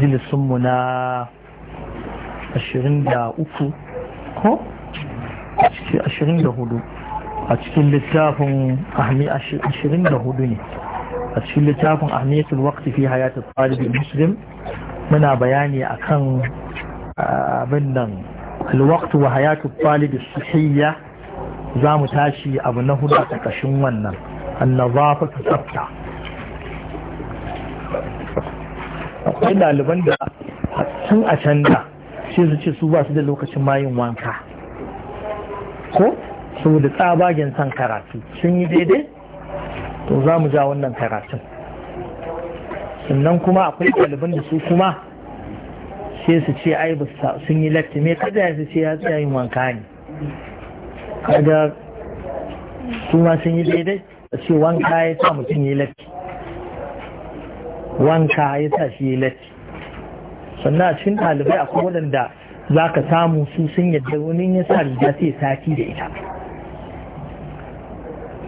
majalisunmu na 23 ko ashirin da hudu a cikin littafin ahmi hudu ne a cikin littafin ahmiyatul waqti fi hayatul talib muslim muna bayani akan abin nan alwaqtu wa hayatul talib sihiyya za mu tashi abu na hudu a ƙarƙashin wannan ta tsafta akwai ɗaliban da sun a can da sai su ce su ba su da lokacin mayin wanka ko saboda tsabagen son karatu sun yi daidai to za mu ja wannan karatun sannan kuma akwai ɗaliban da su kuma sai su ce ai ba sun yi latti me kada ya ce ya tsaya yin wanka ne kada su ma sun yi daidai a ce wanka ya sa mutum yi latti wanka ya sa shi ya latti sannan a cikin ɗalibai akwai waɗanda za ka samu su sun yadda wani ya sa riga sai sati da ita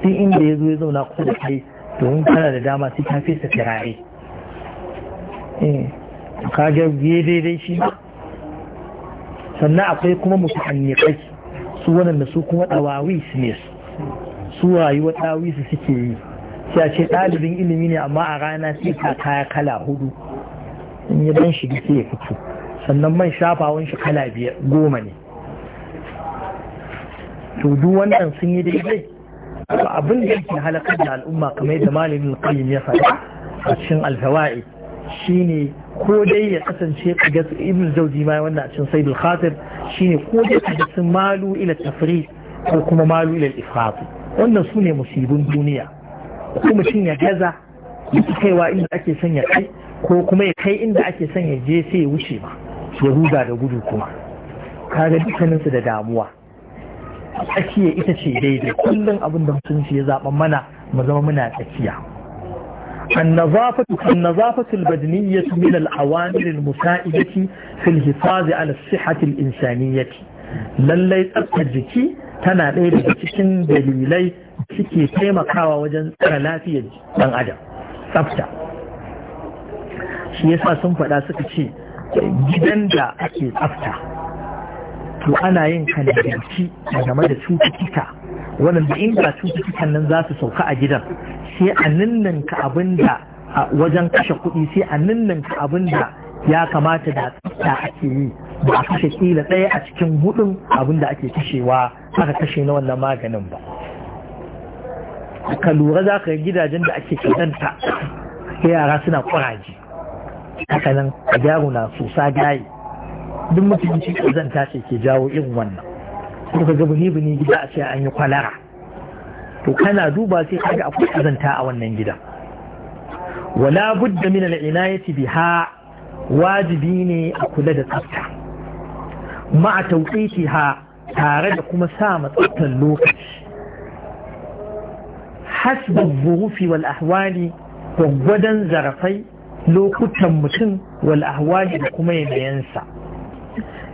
duk inda ya zo ya zauna ko da kai domin kana da dama sai ka fesa turare eh, ka ga biye daidai shi ba sannan akwai kuma mutahannikai su waɗanda su kuma ɗawawi ne su su rayuwar ɗawi su suke yi sai ce ɗalibin ilimi ne amma a rana sai ka kaya kala hudu in yi ban shi sai ya fito sannan man shafawan shi kala biyar goma ne to duk wannan sun yi daidai abin da yake halakar da al'umma kamar yadda malamin qayyim ya faɗa a cikin alfawa'i shine ko dai ya kasance kaga ibn jawzi ma wanda a cikin saidul khatir shine ko dai ka sun malu ila Tafri ko kuma malu ila ifrat wannan sune musibin duniya ko mutum ya gaza kaiwa inda ake son ya kai ko kuma ya kai inda ake son ya je sai ya wuce ba ya ruga da gudu kuma kaga dukkaninsu da damuwa tsakiya ita ce daidai kullum abin da musulunci ya zaɓa mana mu zama muna tsakiya النظافة البدنية من الأوامر المساعدة fil الحفاظ ala الصحة الإنسانية lallai tsaftar jiki tana ɗaya daga cikin dalilai suke taimakawa wajen tsara lafiyar ɗan adam tsafta shi yasa sun faɗa suka ce gidan da ake tsafta to ana yin a game da cututtuka waɗanda inda cututtukan nan za su sauka a gidan sai a ninninka abin da wajen kashe kuɗi sai a ninninka abin da ya kamata da tsafta ake yi ba a kashe kila ɗaya a cikin hudun abin da ake kashewa aka kashe na wannan maganin ba ka lura za ka gidajen da ake kidanta yara suna kuraji haka nan yaro na sosa gaye duk mutunci kazanta ce ke jawo irin wannan ka ga bini bini gida a ce an yi kwalara to kana duba sai ka ga akwai kazanta a wannan gidan wala budda min al-inayati biha wajibi ne a kula da tsafta ma'a a ha, tare da kuma sa matsaftar lokaci hasbin zurufi wal ahwali gwaggwadon zarafai lokutan mutum wal ahwali da kuma yanayensa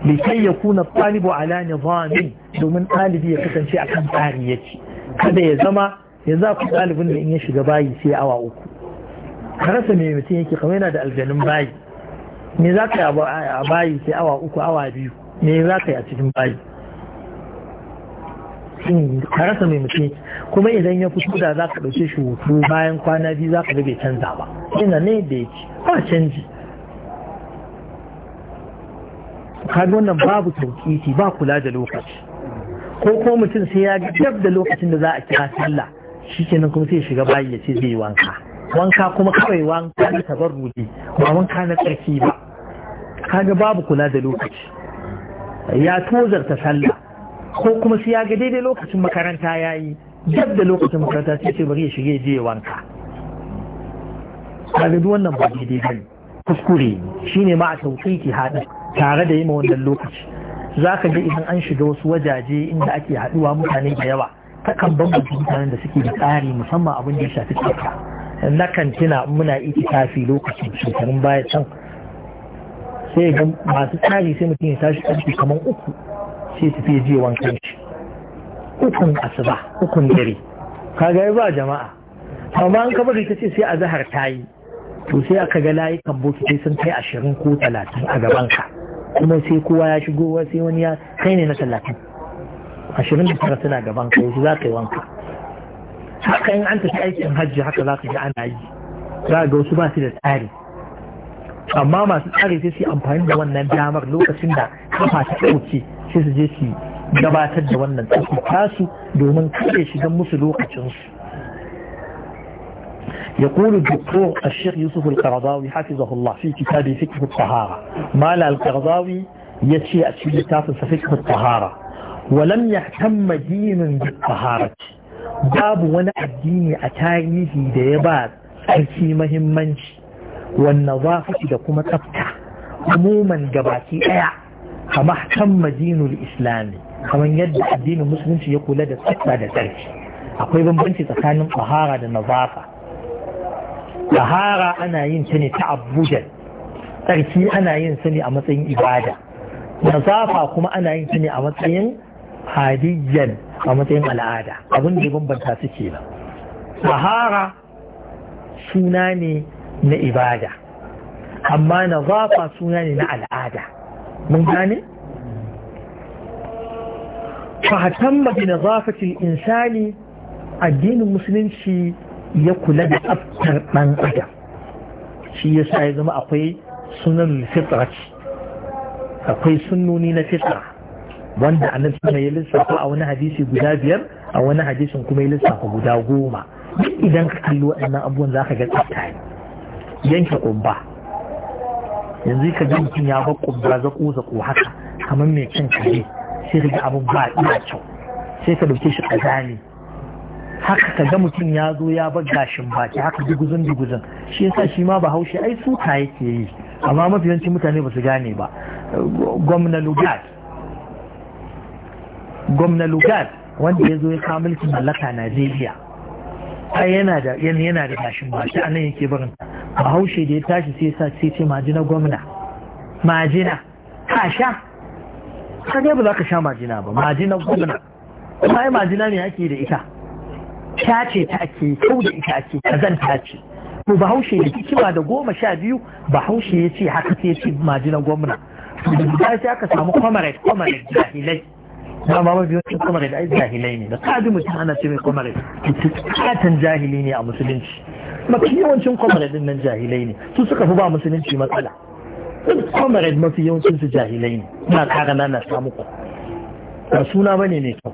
likai ya kuna ɗalibu ala nizamin domin ɗalibi ya kasance akan tsari yake kada ya zama ya za ku ɗalibin da in ya shiga bayi sai awa uku Karasa mai mutum yake kamar yana da aljanun bayi me za ka yi a bayi sai awa uku awa biyu me za ka yi a cikin bayi mutum ka rasa mai mutum kuma idan ya fi da za ka ɗauke shi hutu bayan kwana biyu za ka ga bai canza ba yana ne da yake ba canji kaga wannan babu tauƙiti ba kula da lokaci ko ko mutum sai ya gab da lokacin da za a kira sallah shi kenan kuma sai shiga bayi ya ce zai wanka wanka kuma kawai wanka na tabarruji ba wanka na tsarki ba kaga babu kula da lokaci ya tozarta sallah ko kuma su ya ga daidai lokacin makaranta ya yi duk da lokacin makaranta sai ce bari ya shige je wanka kaga duk wannan ba daidai bane kuskure ne shine ma a ki haɗu tare da yima wannan lokaci Za ka ga idan an shiga wasu wajaje inda ake haɗuwa mutane da yawa kan bambanta mutanen da suke da tsari musamman abin da ya shafi tsaka na kantina muna tafi lokacin shekarun baya can sai ga masu tsari sai mutum ya tashi ƙarfi kamar uku sai tafi je wankan shi ukun asuba ukun dare kaga ba jama'a amma an kabar ita ce sai a zahar ta yi to sai aka ga layukan bokitai sun kai ashirin ko talatin a gaban ka kuma sai kowa ya shigo sai wani ya kai ne na talatin ashirin da tara suna gaban ka yanzu za ka yi wanka haka in an tafi aikin hajji haka za ka ji ana yi za ga wasu ba su da tsari amma masu tsari sai su amfani da wannan damar lokacin da kafa ta ɗauke sai su je su gabatar da wannan tsaki tasu domin kare shi don musu lokacinsu ya kuru dukko a shek yusuf al-karazawi haifi zahullah fi kita da fiƙi tahara mala al-karazawi ya ce a cikin tafin sa fiƙi tahara walam ya tamma dinin babu wani addini a tarihi da ya ba tsarki mahimmanci wannan zafi da kuma tsafta umuman gabaki ɗaya kamar kan madinul islami kamar yadda addinin musulunci ya kula da tsafta da tsarki akwai bambanci tsakanin tsahara da nazafa tsahara ana yin ta ne ta abujan tsarki ana yin sa ne a matsayin ibada nazafa kuma ana yin ta ne a matsayin hadiyyan a matsayin al'ada abin da bambanta suke ke ba tsahara suna ne na ibada amma na suna ne na al'ada mun gane? fahatan mafi na zafacin insani addinin musulunci ya kula da tsaftar ɗan adam shi ya sa ya zama akwai sunan fitrat akwai sunnoni na fitra wanda annan suna ya lissafa a wani hadisi guda biyar a wani hadisin kuma ya lissafa guda goma duk idan ka kalli waɗannan abubuwan za ka ga tsafta ne yanke ƙubba yanzu ka mutum ya ba ƙubba za ku za ku haka kamar mai cin kare sai ka ga abin ba ina kyau sai ka dauke shi ƙazami haka ka ga mutum ya zo ya bar gashin baki haka duguzin duguzin shi yasa shi ma ba haushe ai suka yake yi amma mafi yanci mutane ba su gane ba gwamna lugat gwamna lugat wanda ya zo ya kawo mulkin mallaka najeriya ai yana da gashin baki a nan yake barin bahaushe da ya tashi sai sa sai ce majina gwamna majina ka sha ka ba za ka sha majina ba majina gwamna kuma yi majina ne ake da ita ta ce ta ake kau da ita ake ta ce to bahaushe da kima da goma sha biyu bahaushe ya ce haka sai ce majina gwamna to da ta sai aka samu comrade comrade jahilai ba ma mafi yawancin comrade ai jahilai ne da kaji mutum ana ce mai comrade katon jahili ne a musulunci mafi yawancin comrade din nan jahilai ne su suka fi ba musulunci matsala comrade mafi yawancin su jahilai ne na kara na samu ku ba suna bane mai kyau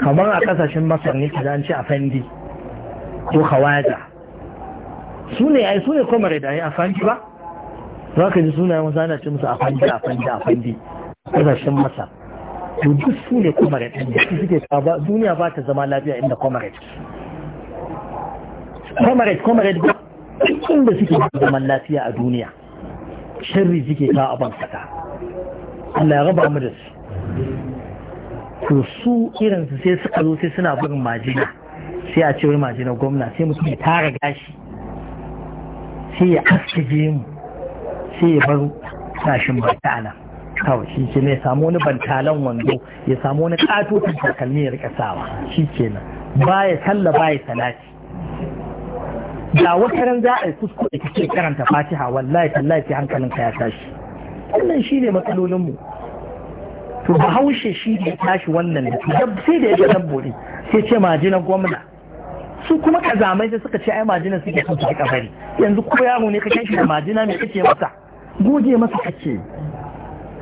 kamar a kasashen masar ne kaza an ce afandi ko hawaja su ne ai su ne comrade ai afandi ba za ka ji sunayen yawan zana ce musu afandi afandi afandi kasashen masar to duk su ne comrade ne suke duniya ba ta zama lafiya inda comrade comrade comrade ba da suke zaman lafiya a duniya sharri suke ta abin kata Allah ya raba mu da su to su irinsu sai suka zo sai suna burin majina sai a ce wai majina gwamna sai mutum ya tara gashi sai ya aske gemu sai ya bar tashin bantala kawai shi ke ya samu wani bantalan wando ya samu wani katotin takalmi ya rika sawa shi kenan baya sallah baya salati da wata ran za a yi kuskure kake karanta fatiha wallahi tallahi hankalin hankalinka ya tashi wannan shine matsalolin mu to haushe shi ne tashi wannan da sai da ya ga dabbobi sai ce majina gwamna su kuma kazamai da suka ce ai majina suke son su kafari yanzu ko yaro ne ka kashi da majina me kake masa goge masa kake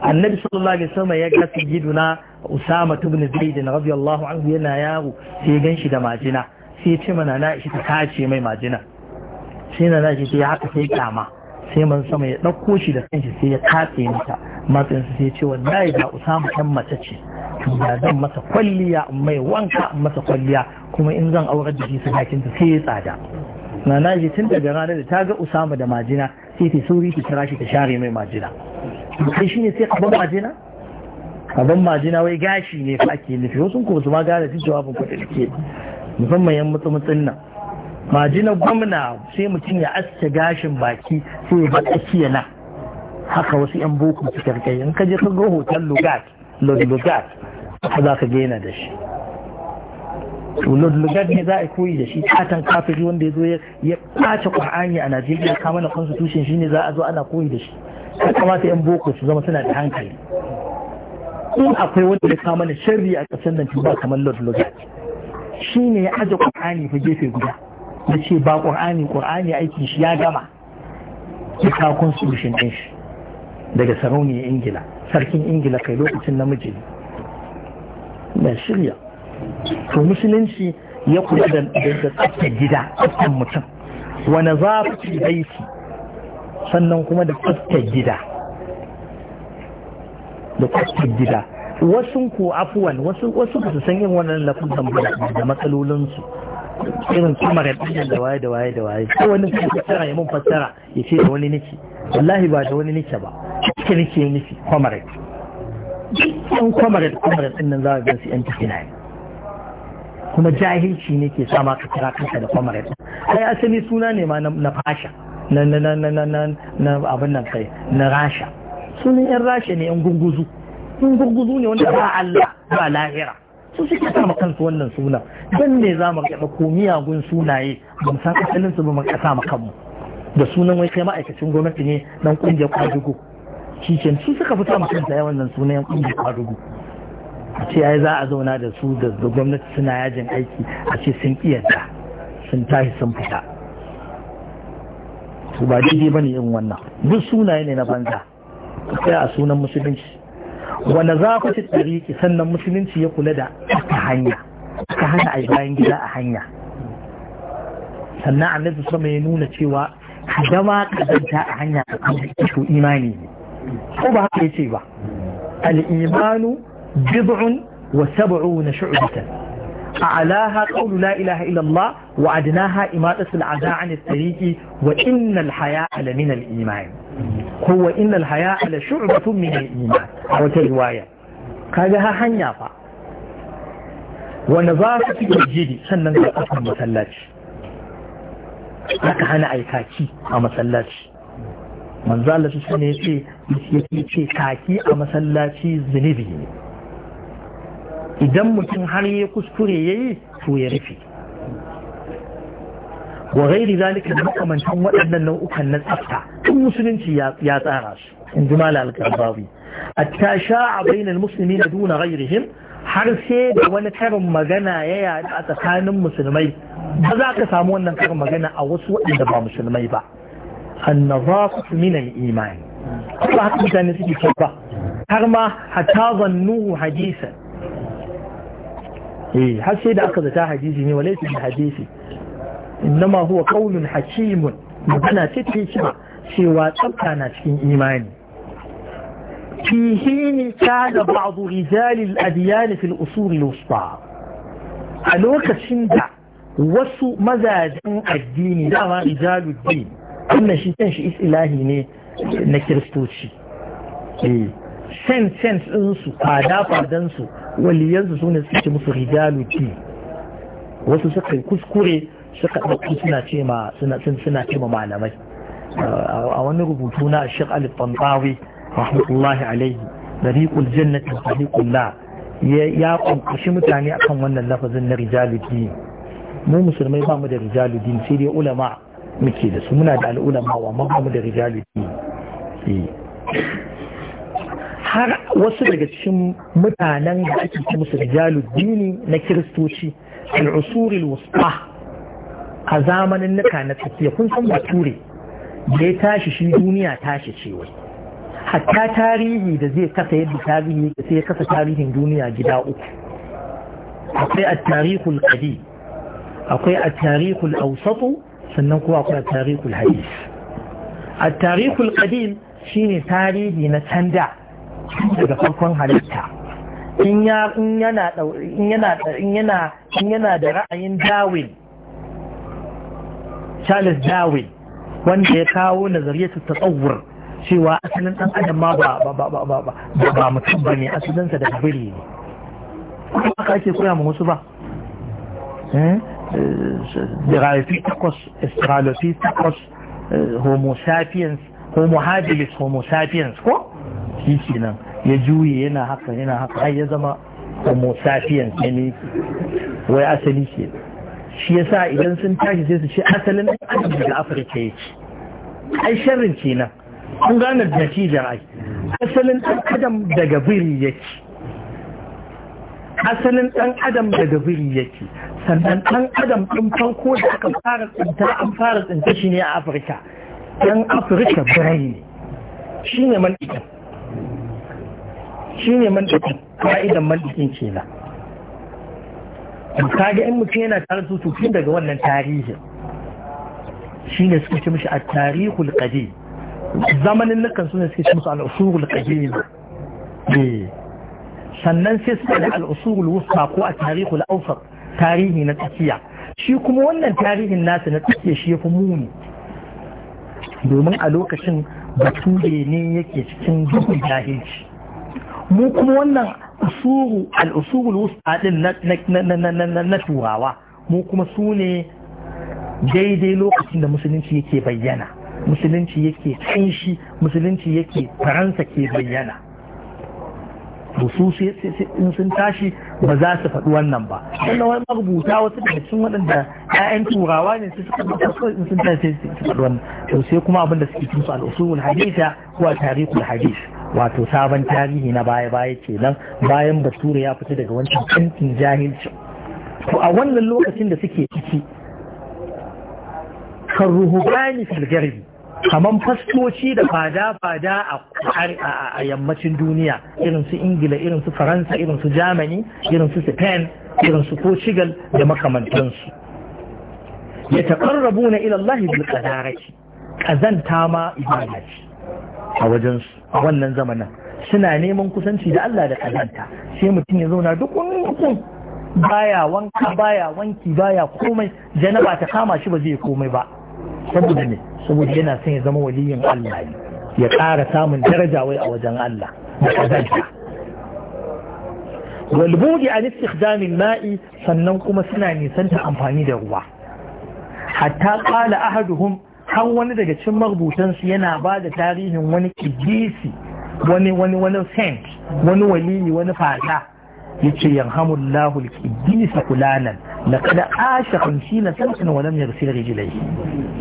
annabi sallallahu alaihi wasallam ya ga giduna usama ibn zaid radiyallahu anhu yana yaro sai gan shi da majina sai ce mana na ishi ta kace mai majina sai na na ta ya haka sai kyama sai man sama ya ɗauko shi da kanshi sai ya katse mata matsayin su sai ce wallahi da usama kan mace ce ya da zan masa kwalliya mai wanka masa kwalliya kuma in zan aurar da shi sadakin ta sai ya tsada na na ji tun daga ranar da ta ga usama da majina sai ta sauri ta kira shi ta share mai majina shi shine sai kaban majina kaban majina wai gashi ne fa ake nufi wasu kuma su ma gane jawabin kuɗi musamman yan mutsumutsin nan majinar gwamna sai mutum ya aske gashin baki sai ba tsakiya na haka wasu yan boko su karkai in ka je ka ga hoton lugat lugat haka za ka gaina da shi to lugat ne za a koyi da shi katan kafiri wanda ya zo ya kace ƙur'ani a najeriya ka na constitution shine za a zo ana koyi da shi ya kamata yan boko su zama suna da hankali in akwai wanda ya kama na sharri a kasan nan ba kamar lord lugat shi ne ya aje ƙur'ani fa gefe guda ya ce ba ƙur'ani ƙur'ani aikin shi ya gama ya kawo constitution ɗin shi daga sarauniyar ingila sarkin ingila kai lokacin namiji ne na shirya to musulunci ya kula da tsaftar gida tsaftar mutum wani zafi baiti sannan kuma da tsaftar gida da tsaftar gida wasu ku afuwan wasu ku su san yin wannan lafazan da matsalolinsu irin su magaɗin da waye da waye da waye sai wani su fassara ya mun fassara ya ce da wani niki wallahi ba da wani niki ba cikin niki niki kwamaret yan kwamaret kwamaret ɗin nan za a gansu yan tafi ne kuma jahilci ne ke sama ka kira kanka da kwamaret ai asali suna ne ma na fasha na na na na na na abin nan kai na rasha sunan yan rasha ne yan gunguzu sun gurguzu ne wanda ba Allah ba lahira su suke sa ma kansu wannan suna don ne za mu komiya miyagun sunaye ba mu san asalin su ba mu ƙasa ma kanmu da sunan wai kai ma'aikacin gwamnati ne dan ƙungiyar kwadugu shi ke su suka fita ma kansu ya wannan sunan ƙungiyar kwadugo a ce ai za a zauna da su da gwamnati suna yajin aiki a ce sun ƙiyarta sun tashi sun fita ba daidai ba ne yin wannan duk sunaye ne na banza sai a sunan musulunci za ku ci tariqi sannan musulunci ya kula da ta hanya ta bayan gida a hanya sannan annabi sama ya nuna cewa dama kadanta a hanya ta kan imani ne ko ba haka yace ba al-imanu bid'un wa sab'una shu'batan أعلاها قول لا إله إلا الله وأدناها إماتة العزاء عن الطريق وإن الحياء لمن الإيمان ko wa innal haya ala shu'batun min al-iman a wata riwaya kaga ha hanya fa wanda za su fi jiri sannan ga kafin masallaci aka hana aikaki a masallaci manzo Allah ce yake ce kaki a masallaci zinibi ne idan mutum har ya kuskure yayi to ya rufe wa gairi zalika da makamantan waɗannan nau'ukan na tsafta musulunci ya tsara su in ji mala alkarbawi hatta sha'a bainal muslimina duna ghairihim har sai da wani karin magana ya yaɗu a tsakanin musulmai ba za ka samu wannan karin magana a wasu waɗanda ba musulmai ba annazafatu minal imani ba haka mutane suke ce ba har ma hatta zannuhu hadisa eh har sai da aka zata hadisi ne walaysa hadisi innama huwa qawlun hakimun magana ce ta hikima cewa tsabta na cikin imani fi hini kana ba'du rijalil adiyan fil usul a lokacin da wasu mazajen addini dama rijaluddin wannan shi kan shi Ilahi ne na kiristoci eh, sen-sens ɗinsu fada-fadansu waliyansu su ne suke musu rijaluddin wasu suka kuskure suka ɗauki suna ce malamai a wani rubutu na Sheikh Ali Tantawi rahmatullahi alaihi dariqul jannati dariqul la ya kunkushi mutane akan wannan lafazin na rijaluddin mu musulmai ba mu da rijaluddin sai dai ulama muke da su muna da al'ulama wa ba mu da rijaluddin har wasu daga cikin mutanen da ake ci musu rijaluddini na kiristoci al wusta a zamanin nuka na tafiya kun san bature da ya tashi shi duniya tashi ce wai hatta tarihi da zai kasa yadda tarihi da sai ya kasa tarihin duniya gida uku akwai a tarihul kadi akwai a tarihul ausatu sannan kuma akwai a tarihul hadis a tarihul shine tarihi na canda daga farkon halitta in yana da ra'ayin darwin charles darwin wanda ya kawo nazariyatu tsawur cewa asalin dan adam ma ba ba ba ba ba ba mutum bane asalin sa da biri ne kuma aka ake koya mu musu ba eh Gyralopithecus, eh, Australopithecus, eh, Homo sapiens, Homo habilis, Homo sapiens ko? Shi kenan ya juye yana haka yana haka Ai ya zama Homo sapiens ne wai asali ne. shi yasa idan sun tashi sai su ce asalin adam daga afirka ce ai sharrin kenan kun gane natijar ai asalin ɗan adam daga biri ce asalin ɗan adam daga biri ce sannan ɗan adam ɗin farko da aka fara tsinta an fara tsinta shi ne a afirka ɗan afirka birai ne shi ne mandikin shi ne mandikin ka'idan ke kenan kaga in mutum yana tare su tun daga wannan tarihin shi ne suka ce mishi a tarihul kadi zamanin nukan suna suke ce musu al'usurul kadi ne eh. sannan sai suka da al'usurul wusa ko a tarihul ausar tarihi na tsakiya shi kuma wannan tarihin nasu na tsakiya shi ya fi muni domin a lokacin bature ne yake cikin duhun jahilci mu kuma wannan usuru al'usurul wusta din na turawa mu kuma su ne daidai lokacin da musulunci yake bayyana musulunci yake kanshi musulunci yake faransa ke bayyana su in sun tashi ba za su faɗi wannan ba wannan wani marubuta wasu daga cikin waɗanda 'ya'yan turawa ne su suka ɗauka kawai in sun tashi su faɗi wannan to sai kuma abin da suke cin su al'usulul hadisa ko tarihul hadis wato sabon tarihi na baya-baya ce nan bayan basura ya fita daga wancan kantin jahilci to a wannan lokacin da suke ciki kan ruhubani filgarbi kamar fastoci da fada-fada a yammacin duniya irin su ingila irin faransa irin Jamani, germany spain irin su portugal da makamantansu ya taƙarrabu na ilallahi bil ƙazanta ma ibada a wajensu a wannan zamanin suna neman kusanci da Allah da kazanta sai mutum ya zauna duk wani baya wanka baya wanki baya komai janaba ta kama shi ba zai komai ba saboda ne saboda yana son ya zama waliyin Allah ya ƙara samun daraja wai a wajen Allah da kazanta walbuɗi a istikdamin ma'i sannan kuma suna nisanta amfani da ruwa hatta ƙala ahaduhum har wani daga cikin marubutansu yana ba da tarihin wani kidisi wani wani wani saint wani walili wani fata Ya ce yace yarhamullahu al-qiddis fulanan laqad asha 50 sanatan wa lam yaghsil rijlaihi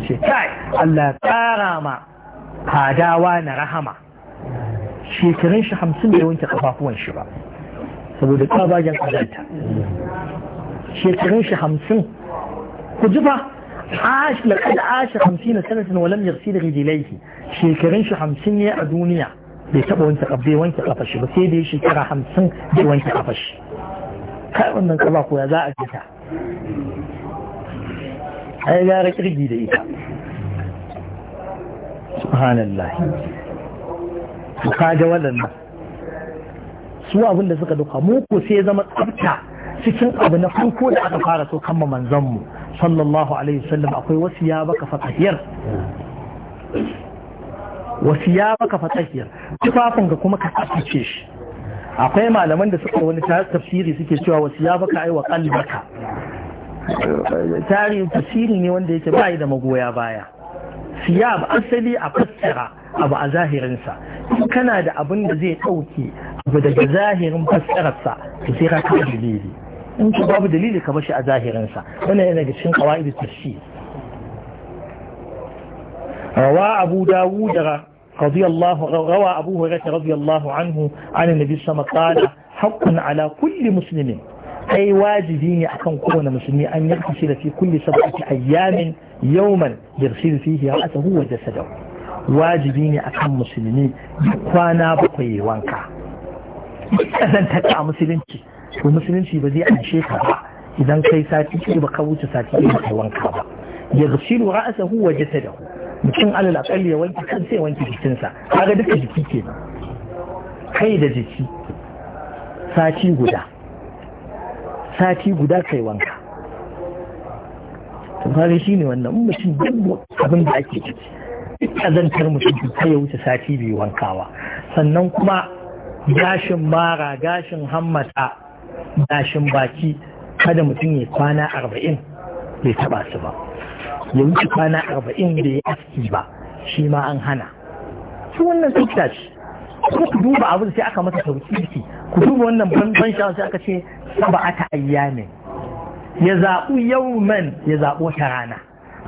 ce kai Allah tsara ma hadawa na rahama shekarun shi hamsin bai wanke kafafuwan shi ba saboda kabagen kazanta shekarun shi hamsin ku ji fa عاش لقد عاش خمسين سنة ولم يغسل غديليه شكرينش خمسين أدونية بيسبب وانت قبضي وانت قفش بس يدي شكرا خمسين دي وانت قفش كأو أن الله قوي هذا أجلتا هذا غديليه سبحان الله وقاجة ولا ما سواء ولا زقد قموك وسيزمت أبتا سيسن أبنى فنكو لأغفارة وقم من زمه sallallahu alaihi wasallam akwai wasu ya baka fatahiyar wasu ya baka fatahiyar tufafin ga kuma ka tsaftace shi akwai malaman da suka wani tafsiri suke cewa wasu ya baka aiwa kalbaka tarihin tafsiri ne wanda yake bayi da magoya baya siyab asali a fassara abu a zahirinsa in kana da abin da zai ɗauke abu daga zahirin fassararsa to sai ka kawo dalili in babu dalili ka bashi a zahirinsa wannan yana ga cikin kawai da tashi rawa abu dawu daga radiyallahu rawa anhu an annabi sallallahu haqqun ala kulli muslimin ai wajibi ne akan kowane musulmi an yarda shi da fi kulli sabati ayyamin yawman yarsil fihi ra'sahu wa jasadahu wajibi ne akan musulmi kwana bakwai wanka kasantaka a musulunci to musulunci ba zai anshe ka ba idan kai sati ɗaya ba ka wuce sati ɗaya kai wanka ba ya zucilu ra'asahu wa da mutum alal akalli ya wanke kan sai wanke jikinsa kaga duka jiki kenan kai da jiki sati guda sati guda kai wanka to shi ne wannan mutum duk abin da ake ciki kazantar mutum kai ya wuce sati biyu wankawa sannan kuma gashin mara gashin hammata Gashin baki kada mutum ya kwana arba'in bai taba su ba ya wuce kwana arba'in bai yi aski ba shi ma an hana su wannan tukta ce ko ku duba abin sai aka masa tauki ku duba wannan ban shawar sai aka ce saba'ata ayyamin ya zaɓu man ya zaɓu wata rana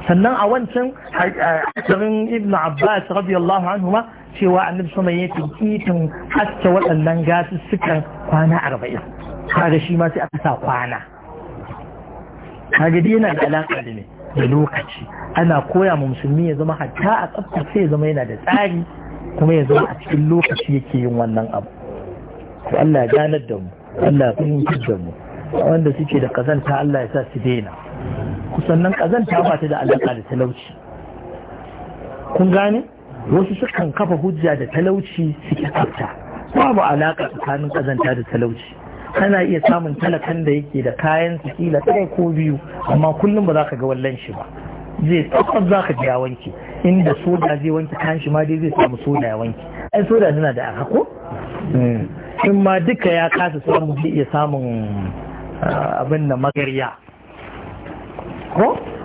sannan a wancan hadisin ibn abbas radiyallahu anhu ma cewa annabi sama ya tikitin hasta waɗannan gasu kwana arba'in da shi ma sai aka sa kwana ka gidi yana da alaƙa da ne da lokaci ana koya ma musulmi ya zama hatta a tsaftace ya zama yana da tsari kuma ya zama a cikin lokaci yake yin wannan abu Ku Allah ganar da mu Allah fahimtar da mu wanda suke da kazanta Allah ya sa su daina kusannan nan kazanta ba ta da alaƙa da talauci kun gane wasu sukan kafa hujja da talauci suke tsafta babu alaƙa tsakanin kazanta da talauci kana iya samun talakan da yake da kayan su ɗaya ko biyu amma kullum ba za ka ga wallan shi ba zai tabbas za ka ya wanki inda soda zai wanki kayan shi ma dai zai samu soda ya wanki ai soda tana da aka ko hmm. in ma duka ya kasa samun zai iya samun ah, abin da magarya ko